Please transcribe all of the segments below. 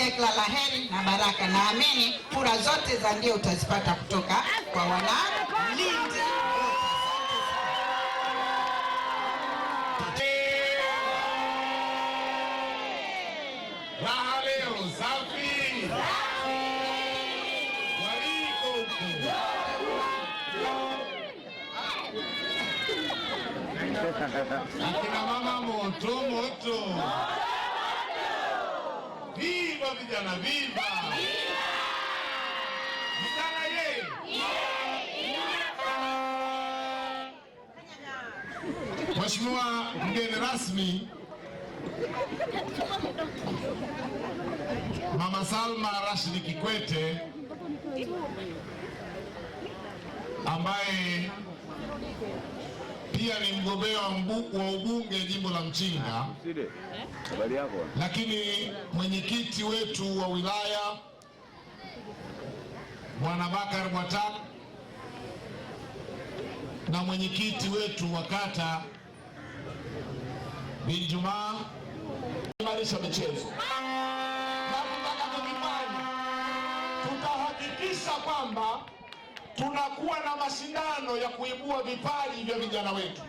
tunawatakia kila la heri na baraka. Naamini kura zote za ndio utazipata kutoka kwa wanalinzi. Akina mama moto moto. Viva vijana, viva vijana, ye Mheshimiwa mgeni rasmi Mama Salma Rashid Kikwete ambaye pia ni mgombea wa ubunge jimbo la Mchinga, lakini mwenyekiti wetu wa wilaya Bwana Bakar Bwatak na mwenyekiti wetu wa kata Bin Jumaa imarisha michezo na tutahakikisha kwamba tunakuwa na mashindano ya kuibua vipaji vya vijana wetu.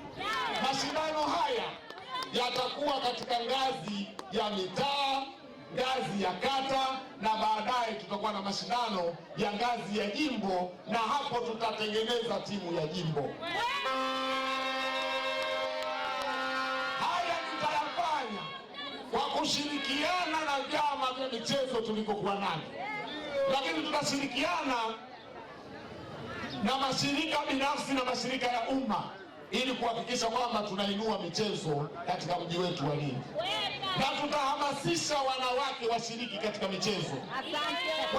Mashindano haya yatakuwa katika ngazi ya mitaa, ngazi ya kata, na baadaye tutakuwa na mashindano ya ngazi ya jimbo, na hapo tutatengeneza timu ya jimbo. Haya tutayafanya kwa kushirikiana na vyama vya michezo tulivyokuwa navyo, lakini tutashirikiana na mashirika binafsi na mashirika ya umma ili kuhakikisha kwamba tunainua michezo katika mji wetu wa Lindi, na tutahamasisha wanawake washiriki katika michezo,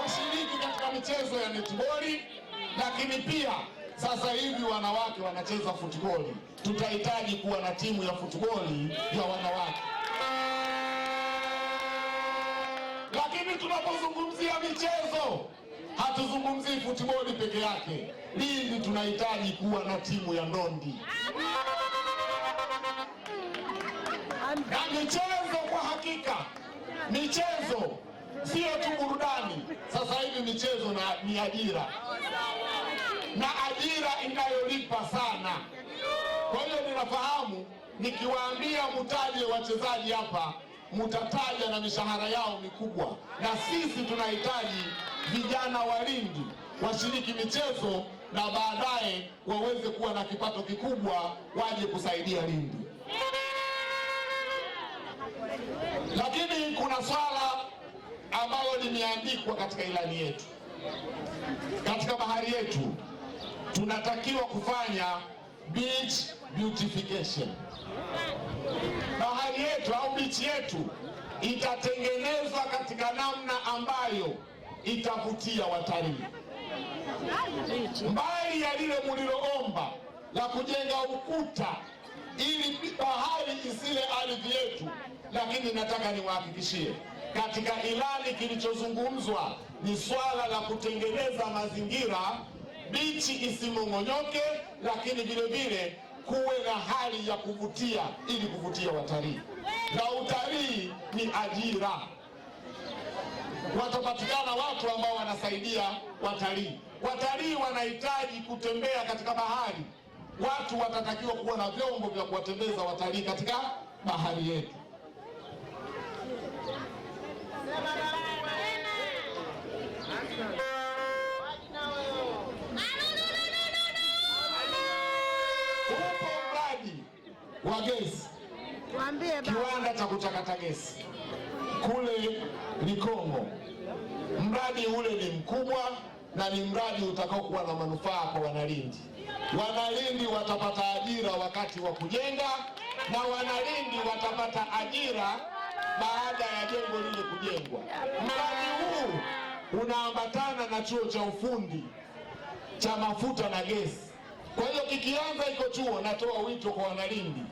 washiriki katika michezo ya netiboli, lakini pia sasa hivi wanawake wanacheza futiboli, tutahitaji kuwa na timu ya futiboli ya wanawake. Lakini tunapozungumzia michezo Hatuzungumzii futiboli peke yake, Lindi tunahitaji kuwa na timu ya ndondi na michezo. Kwa hakika michezo sio tu burudani, sasa hivi michezo na ni ajira na ajira inayolipa sana. Kwa hiyo ninafahamu nikiwaambia mutaje wachezaji hapa mutataja na mishahara yao mikubwa, na sisi tunahitaji vijana wa Lindi washiriki michezo na baadaye waweze kuwa na kipato kikubwa, waje kusaidia Lindi. Lakini kuna swala ambalo limeandikwa katika ilani yetu, katika bahari yetu tunatakiwa kufanya beach beautification. Bahari yetu au bichi yetu itatengenezwa katika namna ambayo itavutia watalii, mbali ya lile muliloomba la kujenga ukuta ili bahari isile ardhi yetu. Lakini nataka niwahakikishie, katika ilani kilichozungumzwa ni swala la kutengeneza mazingira bichi isimong'onyoke, lakini vile vile kuwe na hali ya kuvutia ili kuvutia watalii, na utalii ni ajira. Watapatikana watu ambao wanasaidia watalii. Watalii wanahitaji kutembea katika bahari, watu watatakiwa kuwa na vyombo vya kuwatembeza watalii katika bahari yetu. wa gesi, kiwanda cha kuchakata gesi kule Likongo. Mradi ule ni mkubwa na ni mradi utakaokuwa na manufaa kwa Wanalindi. Wanalindi watapata ajira wakati wa kujenga na Wanalindi watapata ajira baada ya jengo lile kujengwa. Mradi huu unaambatana na chuo cha ufundi cha mafuta na gesi kwa hiyo kikianza iko chuo, natoa wito kwa Wanalindi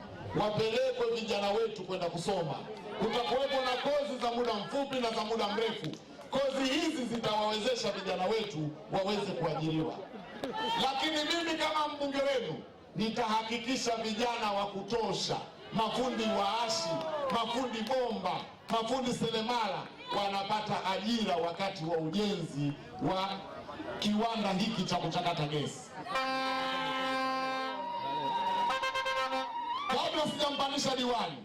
wapelekwe vijana wetu kwenda kusoma. Kutakuwepo na kozi za muda mfupi na za muda mrefu. Kozi hizi zitawawezesha vijana wetu waweze kuajiriwa, lakini mimi kama mbunge wenu nitahakikisha vijana wa kutosha, mafundi waashi, mafundi bomba, mafundi selemala wanapata ajira wakati wa ujenzi wa kiwanda hiki cha kuchakata gesi. kabla sijampandisha diwani,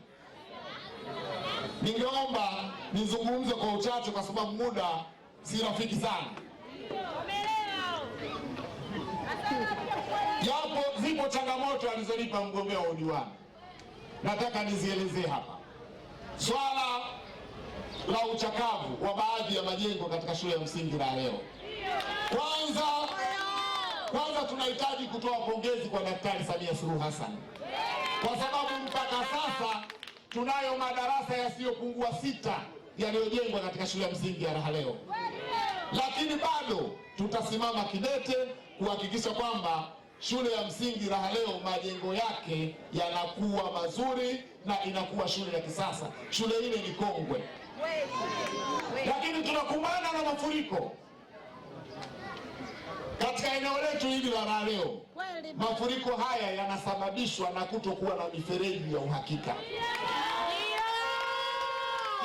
ningeomba nizungumze kwa uchache, kwa sababu muda si rafiki sana, japo zipo changamoto alizonipa mgombea wa udiwani, nataka nizielezee hapa. Swala la uchakavu wa baadhi ya majengo katika shule ya msingi la leo, kwanza kwanza tunahitaji kutoa pongezi kwa Daktari Samia Suluhu Hassan kwa sababu mpaka sasa tunayo madarasa yasiyopungua sita yaliyojengwa katika shule ya msingi ya Rahaleo, lakini bado tutasimama kidete kuhakikisha kwamba shule ya msingi Rahaleo majengo yake yanakuwa mazuri na inakuwa shule ya kisasa. Shule ile ni kongwe, lakini tunakumbana na mafuriko eneo letu hili la leo, mafuriko haya yanasababishwa na kutokuwa na mifereji ya uhakika.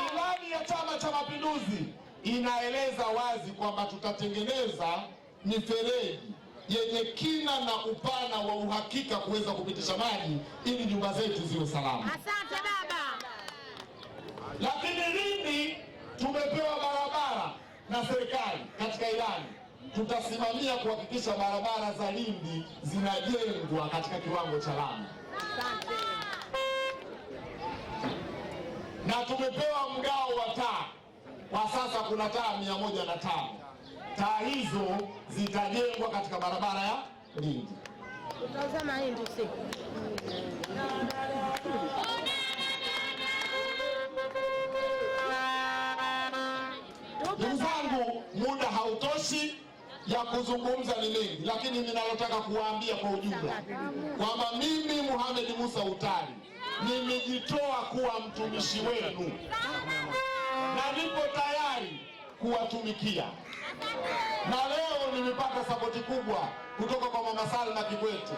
Ilani ya Chama cha Mapinduzi inaeleza wazi kwamba tutatengeneza mifereji yenye kina na upana wa uhakika kuweza kupitisha maji ili nyumba zetu ziwe salama. Asante baba. Lakini lini tumepewa barabara na serikali katika ilani tutasimamia kuhakikisha barabara za Lindi zinajengwa katika kiwango cha lami. Na tumepewa mgao wa taa, kwa sasa kuna taa mia moja na tano. Taa hizo zitajengwa katika barabara ya Lindi. ya kuzungumza ni mengi, lakini ninalotaka kuwaambia kwa ujumla kwamba mimi Muhammad Musa Utali nimejitoa kuwa mtumishi wenu na nipo tayari kuwatumikia, na leo nimepata sapoti kubwa kutoka kwa Mama Salma Kikwete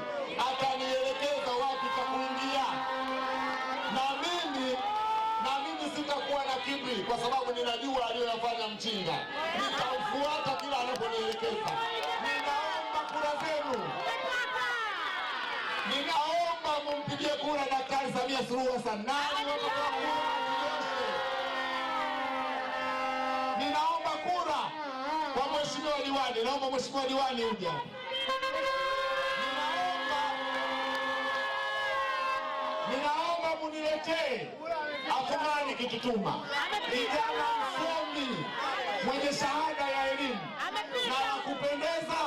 atani Samia Suluhu Ninaomba kura kwa mheshimiwa diwani, naomba mheshimiwa diwani uje. Ninaomba muniletee Athumani Kitutuma, kijana msomi mwenye shahada ya elimu na kupendeza.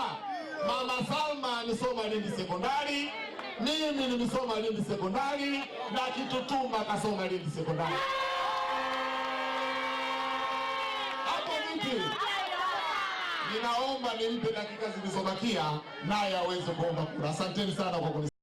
Mama Salma amesoma nini sekondari mimi nilisoma Lindi sekondari na Kitutuma akasoma Lindi sekondari. Hapo vipi? Ninaomba nimpe dakika zilizobakia naye aweze kuomba kura. Asanteni sana kwa